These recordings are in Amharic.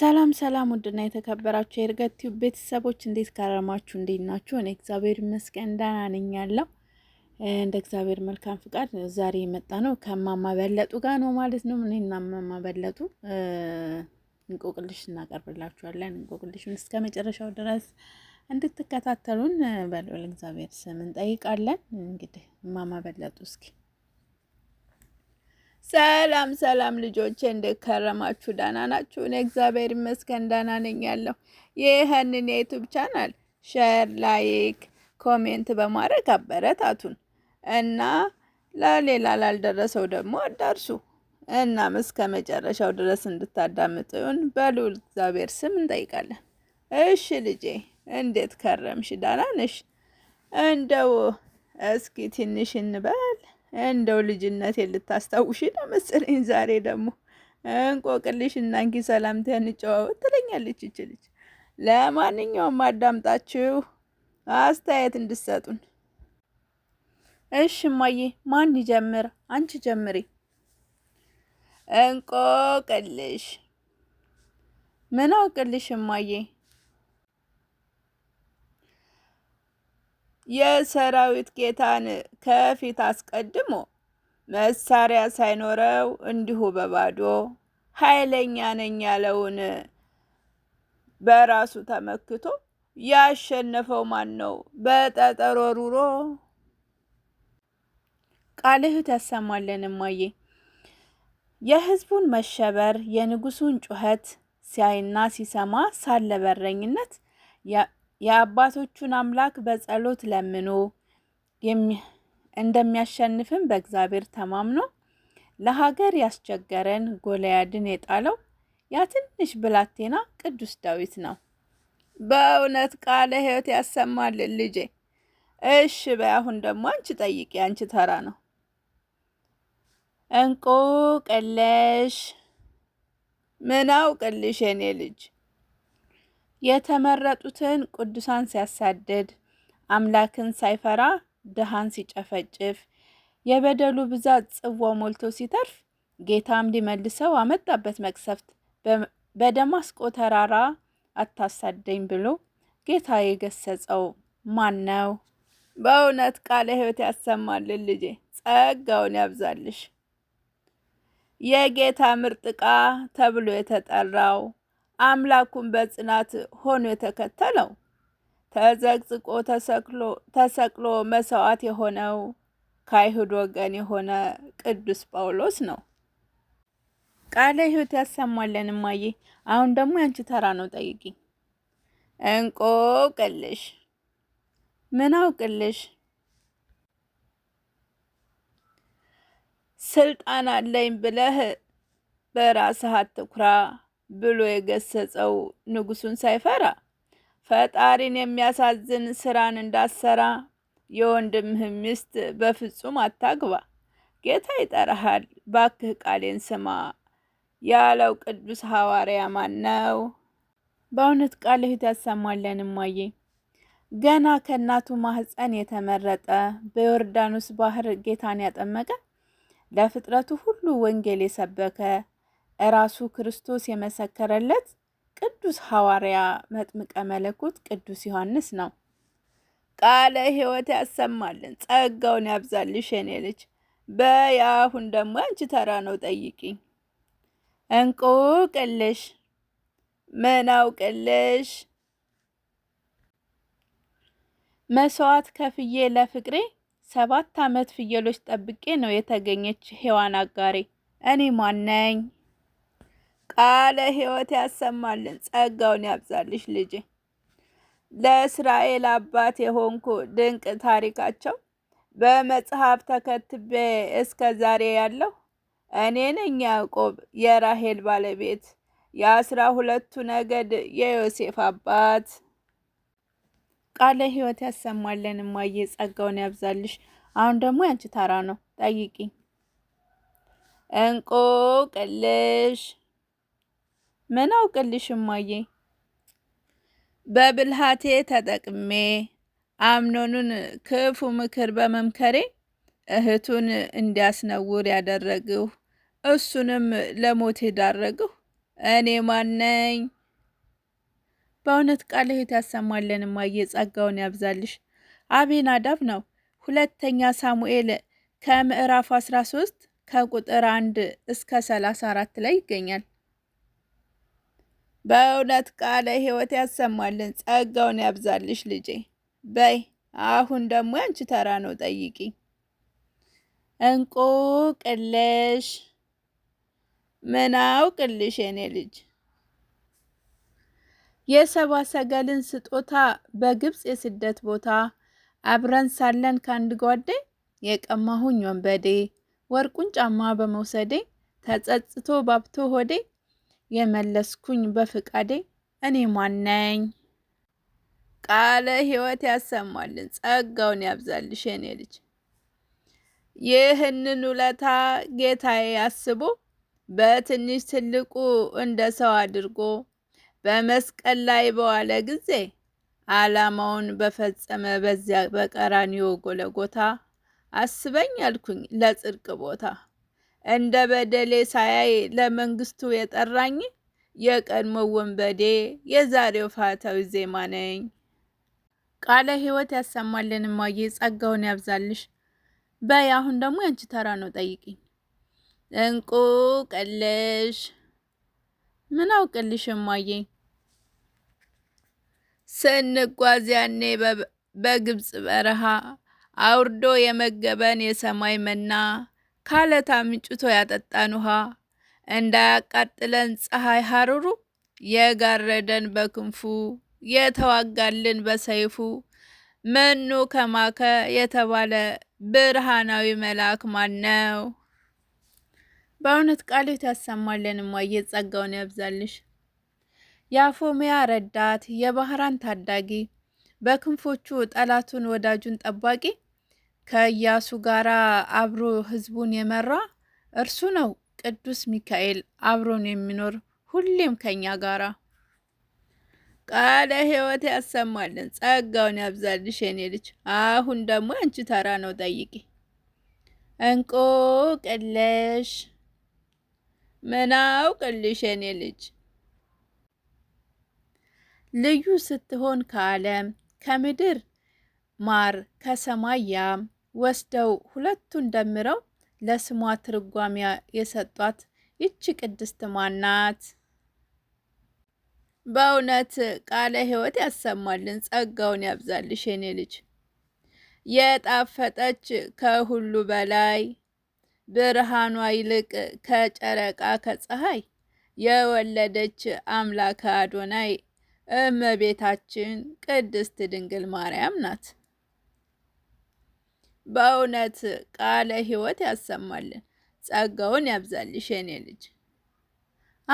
ሰላም ሰላም፣ ውድና የተከበራችሁ የእርገት ቲዩብ ቤተሰቦች እንዴት ከረማችሁ? እንዴት ናችሁ? እኔ እግዚአብሔር ይመስገን ደህና ነኝ ያለው እንደ እግዚአብሔር መልካም ፍቃድ ዛሬ የመጣ ነው ከማማ በለጡ ጋር ነው ማለት ነው። እኔና ማማ በለጡ እንቆቅልሽ እናቀርብላችኋለን። እንቆቅልሽን እስከ መጨረሻው ድረስ እንድትከታተሉን በልዑል እግዚአብሔር ስም እንጠይቃለን። እንግዲህ ማማ በለጡ እስኪ ሰላም ሰላም ልጆቼ እንደከረማችሁ ዳና ናችሁ? እኔ እግዚአብሔር ይመስገን ዳና ነኝ። ያለው ይህንን የዩቱብ ቻናል ሸር፣ ላይክ፣ ኮሜንት በማድረግ አበረታቱን እና ለሌላ ላልደረሰው ደግሞ አዳርሱ። እናም እስከ መጨረሻው ድረስ እንድታዳምጡን በልዑል እግዚአብሔር ስም እንጠይቃለን። እሺ ልጄ እንዴት ከረምሽ? ዳና ነሽ? እንደው እስኪ ትንሽ እንበል እንደው ልጅነት ልታስታውሽ ነው መሰለኝ። ዛሬ ደግሞ እንቆቅልሽ እና እንኪ ሰላምታ እንጨዋወት ትለኛለች ይች ልጅ። ለማንኛውም አዳምጣችሁ አስተያየት እንድሰጡን እሽ። እማዬ ማን ይጀምር? አንቺ ጀምሪ። እንቆቅልሽ ምን አውቅልሽ እማዬ የሰራዊት ጌታን ከፊት አስቀድሞ መሳሪያ ሳይኖረው እንዲሁ በባዶ ኃይለኛ ነኝ ያለውን በራሱ ተመክቶ ያሸነፈው ማን ነው? በጠጠሮ ሩሮ ቃልህ ተሰማለን እማዬ። የህዝቡን መሸበር የንጉሱን ጩኸት ሲያይና ሲሰማ ሳለ በረኝነት የአባቶቹን አምላክ በጸሎት ለምኖ እንደሚያሸንፍም በእግዚአብሔር ተማምኖ ለሀገር ያስቸገረን ጎልያድን የጣለው ያ ትንሽ ብላቴና ቅዱስ ዳዊት ነው። በእውነት ቃለ ሕይወት ያሰማልን ልጄ። እሽ በይ አሁን ደግሞ አንቺ ጠይቂ፣ አንቺ ተራ ነው። እንቆቅልሽ ምን አውቅልሽ የኔ ልጅ የተመረጡትን ቅዱሳን ሲያሳድድ፣ አምላክን ሳይፈራ ድሃን ሲጨፈጭፍ፣ የበደሉ ብዛት ጽዋ ሞልቶ ሲተርፍ ጌታም ሊመልሰው አመጣበት መቅሰፍት። በደማስቆ ተራራ አታሳደኝ ብሎ ጌታ የገሰጸው ማን ነው? በእውነት ቃለ ሕይወት ያሰማልን ልጄ፣ ጸጋውን ያብዛልሽ። የጌታ ምርጥ ዕቃ ተብሎ የተጠራው አምላኩን በጽናት ሆኖ የተከተለው ተዘቅዝቆ ተሰቅሎ መሰዋት የሆነው ከአይሁድ ወገን የሆነ ቅዱስ ጳውሎስ ነው። ቃለ ሕይወት ያሰማለን እማዬ። አሁን ደግሞ ያንቺ ተራ ነው፣ ጠይቂ። እንቆቅልሽ ምን አውቅልሽ? ስልጣን አለኝ ብለህ በራስህ አትኩራ። ብሎ የገሰጸው ንጉሱን ሳይፈራ ፈጣሪን የሚያሳዝን ስራን እንዳሰራ የወንድምህ ሚስት በፍጹም አታግባ። ጌታ ይጠራሃል፣ ባክህ ቃሌን ስማ ያለው ቅዱስ ሐዋርያ ማን ነው? በእውነት ቃልህት ያሰማለን እማዬ። ገና ከእናቱ ማህፀን የተመረጠ በዮርዳኖስ ባህር ጌታን ያጠመቀ ለፍጥረቱ ሁሉ ወንጌል የሰበከ ራሱ ክርስቶስ የመሰከረለት ቅዱስ ሐዋርያ መጥምቀ መለኮት ቅዱስ ዮሐንስ ነው። ቃለ ሕይወት ያሰማልን፣ ጸጋውን ያብዛልሽ የኔ ልጅ። በያሁን ደግሞ አንቺ ተራ ነው፣ ጠይቂኝ። እንቁቅልሽ ምን አውቅልሽ መስዋዕት ከፍዬ ለፍቅሬ ሰባት ዓመት ፍየሎች ጠብቄ ነው የተገኘች ሔዋን አጋሬ። እኔ ማነኝ? ቃለ ሕይወት ያሰማልን፣ ጸጋውን ያብዛልሽ ልጄ። ለእስራኤል አባት የሆንኩ ድንቅ ታሪካቸው በመጽሐፍ ተከትቤ እስከ ዛሬ ያለው እኔ ነኝ ያዕቆብ የራሄል ባለቤት የአስራ ሁለቱ ነገድ የዮሴፍ አባት። ቃለ ሕይወት ያሰማለን እማዬ፣ ጸጋውን ያብዛልሽ። አሁን ደግሞ ያንቺ ታራ ነው፣ ጠይቂኝ። እንቁቅልሽ ምን አውቅልሽ እማዬ። በብልሃቴ ተጠቅሜ አምኖኑን ክፉ ምክር በመምከሬ እህቱን እንዲያስነውር ያደረግሁ እሱንም ለሞት የዳረግሁ እኔ ማነኝ? በእውነት ቃልህት ያሰማልን እማዬ፣ ጸጋውን ያብዛልሽ። አቤናዳብ ነው ሁለተኛ ሳሙኤል ከምዕራፍ 13 ከቁጥር 1 እስከ 34 ላይ ይገኛል። በእውነት ቃለ ሕይወት ያሰማልን፣ ጸጋውን ያብዛልሽ ልጄ። በይ አሁን ደግሞ ያንቺ ተራ ነው፣ ጠይቂ። ቅልሽ ምን አውቅልሽ የኔ ልጅ። የሰባ ሰገልን ስጦታ በግብፅ የስደት ቦታ አብረን ሳለን ከአንድ ጓዴ የቀማሁኝ ወንበዴ ወርቁን ጫማ በመውሰዴ ተጸጽቶ ባብቶ ሆዴ የመለስኩኝ በፍቃዴ እኔ ማነኝ? ቃለ ሕይወት ያሰማልን፣ ጸጋውን ያብዛልሽ የኔ ልጅ። ይህንን ውለታ ጌታዬ ያስቦ በትንሽ ትልቁ እንደ ሰው አድርጎ በመስቀል ላይ በዋለ ጊዜ ዓላማውን በፈጸመ በዚያ በቀራንዮ ጎለጎታ አስበኝ አልኩኝ ለጽድቅ ቦታ እንደ በደሌ ሳያይ ለመንግስቱ የጠራኝ የቀድሞ ወንበዴ የዛሬው ፋታዊ ዜማ ነኝ። ቃለ ሕይወት ያሰማልን። እማዬ ጸጋውን ያብዛልሽ። በይ አሁን ደግሞ ያንቺ ተራ ነው፣ ጠይቂኝ። እንቁ ቅልሽ ምን አውቅልሽ እማዬ። ስንጓዝ ያኔ በግብፅ በረሃ አውርዶ የመገበን የሰማይ መና ካለታ ምንጭቶ ያጠጣን ውሃ እንዳያቃጥለን ፀሐይ ሐሩሩ የጋረደን በክንፉ የተዋጋልን በሰይፉ መኑ ከማከ የተባለ ብርሃናዊ መልአክ ማን ነው? በእውነት ቃልት ያሰማልን። እማዬ ጸጋውን ያብዛልሽ። የአፎሚያ ረዳት፣ የባህራን ታዳጊ፣ በክንፎቹ ጠላቱን ወዳጁን ጠባቂ ከኢያሱ ጋር አብሮ ህዝቡን የመራ እርሱ ነው። ቅዱስ ሚካኤል አብሮን የሚኖር ሁሌም ከኛ ጋራ ቃለ ህይወት ያሰማልን፣ ጸጋውን ያብዛልሽ የኔ ልጅ። አሁን ደግሞ አንቺ ተራ ነው፣ ጠይቂ። እንቆቅልሽ ምናው ቅልሽ የኔ ልጅ። ልዩ ስትሆን ከዓለም ከምድር ማር ከሰማይ ያም ወስደው ሁለቱን ደምረው ለስሟ ትርጓሚያ የሰጧት ይቺ ቅድስት ማን ናት? በእውነት ቃለ ሕይወት ያሰማልን፣ ጸጋውን ያብዛልሽ የኔ ልጅ። የጣፈጠች ከሁሉ በላይ ብርሃኗ ይልቅ ከጨረቃ ከፀሐይ የወለደች አምላከ አዶናይ እመቤታችን ቅድስት ድንግል ማርያም ናት። በእውነት ቃለ ሕይወት ያሰማልን፣ ጸጋውን ያብዛልሽ የኔ ልጅ።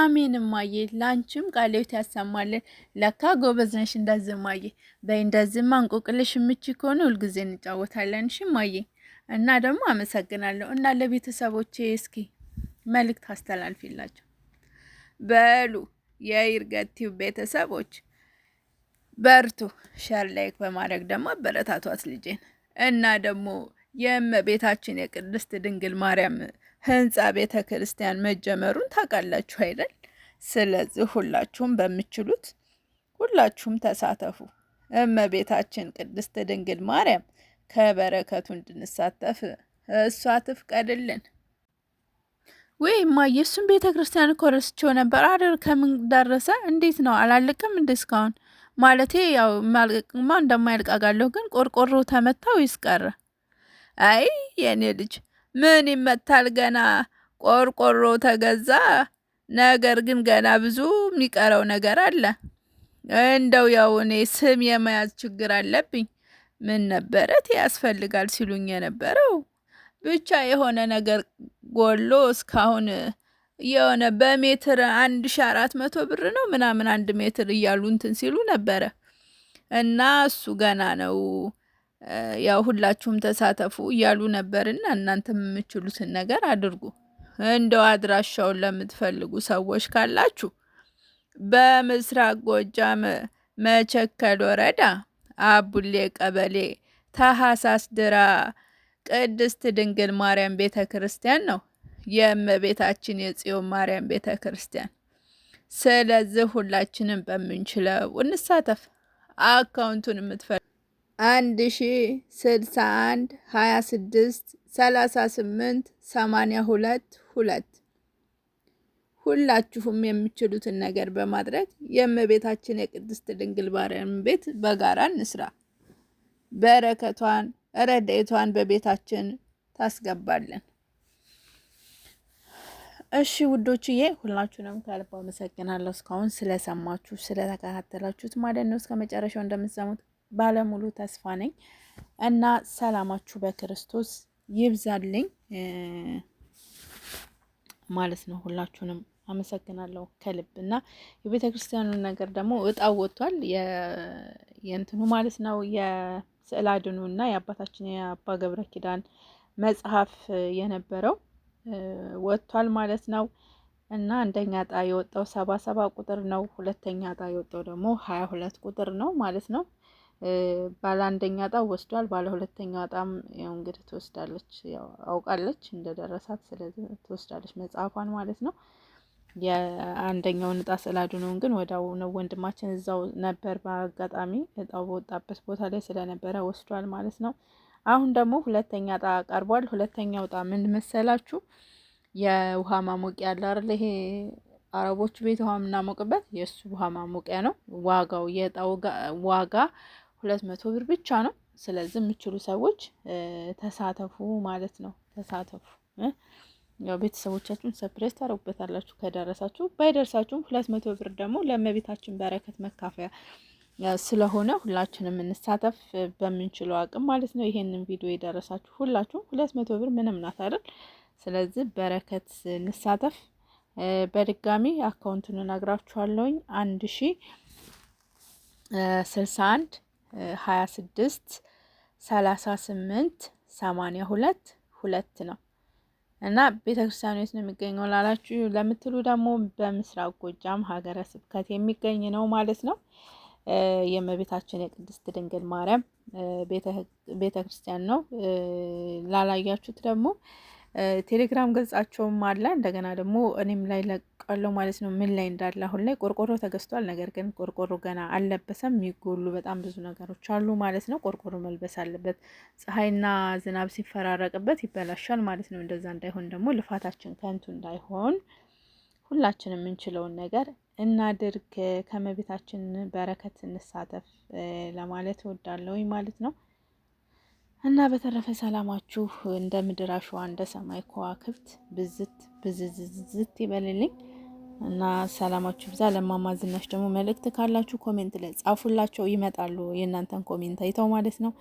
አሜን እማዬ፣ ላንቺም ቃለ ሕይወት ያሰማልን። ለካ ጎበዝ ነሽ እንደዚህ እማዬ። በይ እንደዚህማ እንቆቅልሽ የምች ከሆነ ሁልጊዜ እንጫወታለን እሺ እማዬ። እና ደግሞ አመሰግናለሁ። እና ለቤተሰቦቼ እስኪ መልእክት አስተላልፊላቸው። በሉ የይርገቲው ቤተሰቦች በርቱ። ሸር ላይክ በማድረግ ደግሞ አበረታቷት ልጄን። እና ደግሞ የእመቤታችን የቅድስት ድንግል ማርያም ህንፃ ቤተ ክርስቲያን መጀመሩን ታውቃላችሁ አይደል? ስለዚህ ሁላችሁም በምችሉት ሁላችሁም ተሳተፉ። እመቤታችን ቅድስት ድንግል ማርያም ከበረከቱ እንድንሳተፍ እሷ ትፍቀድልን። ወይ እማዬ፣ እሱም ቤተ ክርስቲያን እኮ ረስቼው ነበር። አደር ከምን ደረሰ? እንዴት ነው? አላለቅም እንደ እስካሁን ማለቴ ያው ማልቀቅማ እንደማያልቅ አውቃለሁ፣ ግን ቆርቆሮ ተመታው ወይስ አይ የኔ ልጅ ምን ይመታል ገና ቆርቆሮ ተገዛ። ነገር ግን ገና ብዙ የሚቀረው ነገር አለ። እንደው ያው እኔ ስም የመያዝ ችግር አለብኝ። ምን ነበረት ያስፈልጋል ሲሉኝ የነበረው ብቻ የሆነ ነገር ጎሎ እስካሁን የሆነ በሜትር አንድ ሺ አራት መቶ ብር ነው ምናምን አንድ ሜትር እያሉ እንትን ሲሉ ነበረ እና እሱ ገና ነው ያው ሁላችሁም ተሳተፉ እያሉ ነበርና እናንተም የምችሉትን ነገር አድርጉ። እንደው አድራሻውን ለምትፈልጉ ሰዎች ካላችሁ በምስራቅ ጎጃም መቸከል ወረዳ አቡሌ ቀበሌ ታህሳስ ድራ ቅድስት ድንግል ማርያም ቤተ ክርስቲያን ነው። የእመቤታችን የጽዮን ማርያም ቤተ ክርስቲያን። ስለዚህ ሁላችንም በምንችለው እንሳተፍ። አካውንቱን የምትፈልጉ አንድ ሺ ስልሳ አንድ ሀያ ስድስት ሰላሳ ስምንት ሰማኒያ ሁለት ሁለት ሁላችሁም የምችሉትን ነገር በማድረግ የእመቤታችን የቅድስት ድንግል ማርያም ቤት በጋራ እንስራ። በረከቷን ረድኤቷን በቤታችን ታስገባለን። እሺ ውዶችዬ ሁላችሁንም ከልብ አመሰግናለሁ እስካሁን ስለሰማችሁ ስለተከታተላችሁት ማለት ነው። እስከ መጨረሻው እንደምትሰሙት ባለሙሉ ተስፋ ነኝ እና ሰላማችሁ በክርስቶስ ይብዛልኝ ማለት ነው። ሁላችሁንም አመሰግናለሁ ከልብ እና የቤተ ክርስቲያኑ ነገር ደግሞ እጣው ወጥቷል የእንትኑ ማለት ነው የስዕል አድኑ እና የአባታችን የአባ ገብረ ኪዳን መጽሐፍ የነበረው ወጥቷል ማለት ነው። እና አንደኛ እጣ የወጣው ሰባ ሰባ ቁጥር ነው። ሁለተኛ እጣ የወጣው ደግሞ ሀያ ሁለት ቁጥር ነው ማለት ነው። ባለ አንደኛ እጣ ወስዷል። ባለ ሁለተኛው እጣም ያው እንግዲህ ትወስዳለች፣ አውቃለች እንደደረሳት ስለዚህ ትወስዳለች መጽሐፏን ማለት ነው። የአንደኛውን እጣ ነው ግን ወዳው ነው ወንድማችን እዛው ነበር። በአጋጣሚ እጣው በወጣበት ቦታ ላይ ስለነበረ ወስዷል ማለት ነው። አሁን ደግሞ ሁለተኛ እጣ ቀርቧል። ሁለተኛው እጣ ምን መሰላችሁ? የውሃ ማሞቂያ አለ አይደል? ይሄ አረቦቹ ቤት ውሃ የምናሞቅበት የእሱ ውሃ ማሞቂያ ነው። ዋጋው የእጣው ዋጋ ሁለት መቶ ብር ብቻ ነው። ስለዚህ የምችሉ ሰዎች ተሳተፉ ማለት ነው። ተሳተፉ ያው ቤተሰቦቻችሁን ሰፕሬስ ታደርጉበታላችሁ። ከደረሳችሁ ባይደርሳችሁም ሁለት መቶ ብር ደግሞ ለእመቤታችን በረከት መካፈያ ስለሆነ ሁላችንም እንሳተፍ በምንችለው አቅም ማለት ነው። ይሄንን ቪዲዮ የደረሳችሁ ሁላችሁም ሁለት መቶ ብር ምንም ናት አይደል? ስለዚህ በረከት እንሳተፍ። በድጋሚ አካውንቱን እነግራችኋለሁኝ አንድ ሺ ስልሳ አንድ ሀያ ስድስት ሰላሳ ስምንት ሰማኒያ ሁለት ሁለት ነው እና ቤተ ክርስቲያኑ ውስጥ ነው የሚገኘው ላላችሁ ለምትሉ ደግሞ በምስራቅ ጎጃም ሀገረ ስብከት የሚገኝ ነው ማለት ነው። የእመቤታችን የቅድስት ድንግል ማርያም ቤተ ክርስቲያን ነው። ላላያችሁት ደግሞ ቴሌግራም ገጻቸውም አለ። እንደገና ደግሞ እኔም ላይ ለቃለሁ ማለት ነው፣ ምን ላይ እንዳለ። አሁን ላይ ቆርቆሮ ተገዝቷል። ነገር ግን ቆርቆሮ ገና አልለበሰም። የሚጎሉ በጣም ብዙ ነገሮች አሉ ማለት ነው። ቆርቆሮ መልበስ አለበት። ፀሐይና ዝናብ ሲፈራረቅበት ይበላሻል ማለት ነው። እንደዛ እንዳይሆን ደግሞ ልፋታችን ከንቱ እንዳይሆን ሁላችንም የምንችለውን ነገር እናድርግ፣ ከመቤታችን በረከት እንሳተፍ ለማለት እወዳለሁ ማለት ነው። እና በተረፈ ሰላማችሁ እንደ ምድር አሸዋ እንደ ሰማይ ከዋክብት ብዝት ብዝዝዝት ይበልልኝ እና ሰላማችሁ ብዛ። ለማማ ዝናሽ ደግሞ መልእክት ካላችሁ ኮሜንት ላይ ጻፉላቸው፣ ይመጣሉ የእናንተን ኮሜንት አይተው ማለት ነው።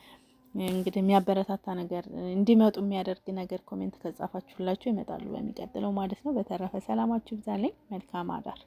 እንግዲህ የሚያበረታታ ነገር እንዲመጡ የሚያደርግ ነገር ኮሜንት ከጻፋችሁላቸው ይመጣሉ በሚቀጥለው ማለት ነው። በተረፈ ሰላማችሁ ብዛልኝ። መልካም አዳር